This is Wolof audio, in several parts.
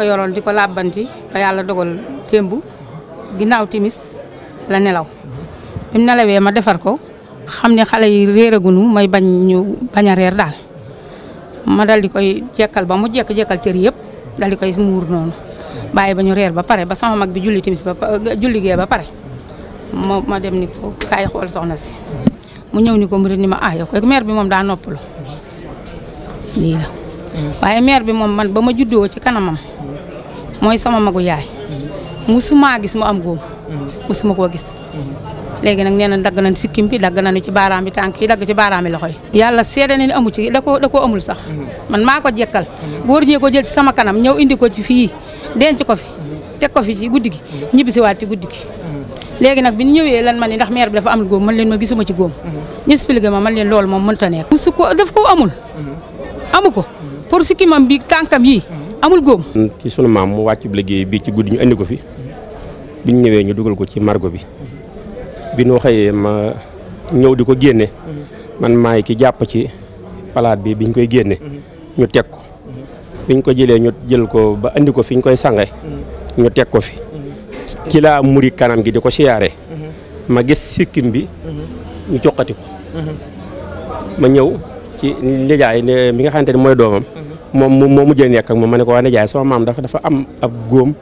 ko yoroon di ko làbbanti ba yàlla dogal démb ginnaaw timis la nelaw bi mu nelawee ma defar ko xam ne xale yi réeragunu may bañ ñu bañ a reer daal ma dal di koy jekkal ba mu jekk jekkal cër yëpp dal koy muur noonu bàyyi ba ñu reer ba pare ba sama mag bi julli timis ba julli gee ba pare ma ma dem ni ko kaay xool soxna si mu ñëw ni ko mu ni ma ah koy maire bi moom daa noppalu lii la mm-hmm. man ba ma juddoo ci kanamam mooy sama magu yaay maa gis mu am góom mm-hmm. musuma koo gis mm-hmm. léegi nag nee na dagg na nañ sikkim bi dagg na nañu ci baaraam bi tànk yi dagg ci baaraam bi loxo yi yàlla seede na ni amu ci da koo da koo amul sax mm-hmm. man maa ko jekkal góor ñee ko jël ci sama kanam ñëw indi ko ci fii denc ko fi teg ko fi ci guddi gi ñibbisiwaat ci guddi gi léegi nag bi ñu ñëwee lan ma ni ndax maire bi dafa amul góom man leen ma gisuma ci góom ñu expliqué man leen loolu moom mënta nekk musu ko daf ko amul amu ko pour sikkimam bi tànkam yii amul góom. Mm, ci sunu maam mu wàcc liggéey bii ci guddi ñu andi ko fi bi ñu ñëwee ñu dugal ko ci margo bi bi nu xëyee ma ñëw di ko génne man maay ki jàpp ci palaat bi biñ koy génne ñu teg ko biñ ko jëlee ñu jël ko ba indi ko fi ñu koy sange ñu teg ko fi ci laa muri kanam gi di ko siyaare ma gis sikkim bi ñu joxati ko mhm. ma ñëw ci nijaay mi nga xamante ne mooy doomam moom moom moo mujjee nekk ak moom ma ne ko waa nijaay sama maam dafa dafa am ab góom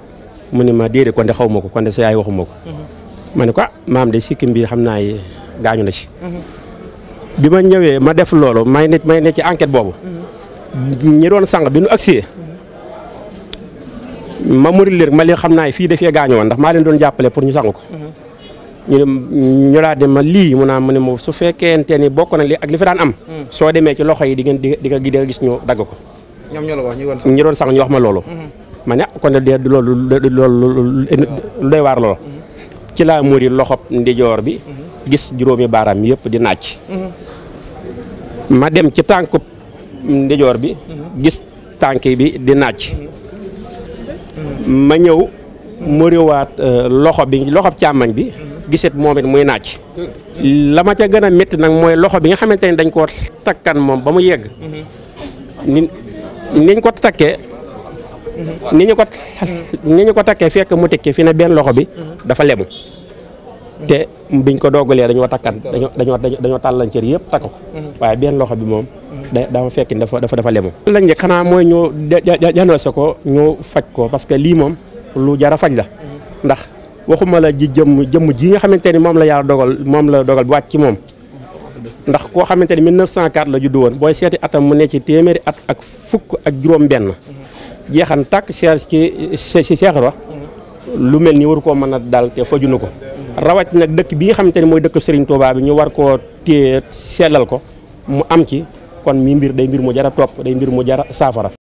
mu ne ma déedéet kon de xaw ma ko kon de sa yaay waxuma ko. Mm-hmm. ma ne ko ah maam de sikkim bi xam naa gaañu na ci. Mm-hmm. bi ma ñëwee ma def loolu may ne may ne ci enquête boobu. Mm-hmm. ñi doon sànq bi nu agsee. ma mënul leen ma leen xam naa fii dafee gaañu woon ndax maa leen doon jàppale pour ñu sànq ko. ñu ñu laa dem ma lii mu naa mu ne ma su fekkente ni bokk na li ak li fi daan am. Mm. soo demee ci loxo yi di ngeen di nga gis ñu dagg ko. ñoom ñoo la wax ñi doon sax ñu wax ma loolu. Mhm. ma ne kon de loolu loolu lu doy waar loolu. Mhm. ci laa muri loxob ndijoor bi. Mhm. gis juróomi baaraam yëpp di naaj. ma dem ci tànkub ndijoor bi. gis tànk bi di naaj. ma ñëw muriwaat euh, loxo bi loxob càmmañ bi. gisit moom it muy naaj. la ma ca gën a metti nag mooy loxo bi nga xamante ne dañ koo takkan moom ba mu yegg. niñ ko takkee ni ñu ko ni ñu ko takkee fekk mu tikki fii ne benn loxo bi dafa lemu te biñ ko doogalee dañoo takkan dañoo dañoo dañoo tàllan cër yëpp takk ko waaye benn loxo bi moom da dafa fekk ni dafa dafa dafa lemu lañ njëkk xanaa mooy ñu janoose ko ñu faj ko parce que lii moom lu jara faj la ndax waxuma la ji jëmm jëmm ji nga xamante ni moom la yàlla dogal moom la dogal bu wàcc ci moom ndax koo xamante ni 1904 la juddu woon booy seeti atam mu ne ci téeméeri at ak fukk ak juróom-benn jeexan tàkk seer ci ci Cheikh Ibra lu mel ni war koo mën a dal te fajunu ko rawat nag dëkk bi nga xamante ni mooy dëkk seriñ Touba bi ñu war ko téye sellal ko mu am ci kon mi mbir day mbir mu jara topp day mbir mu jara saafara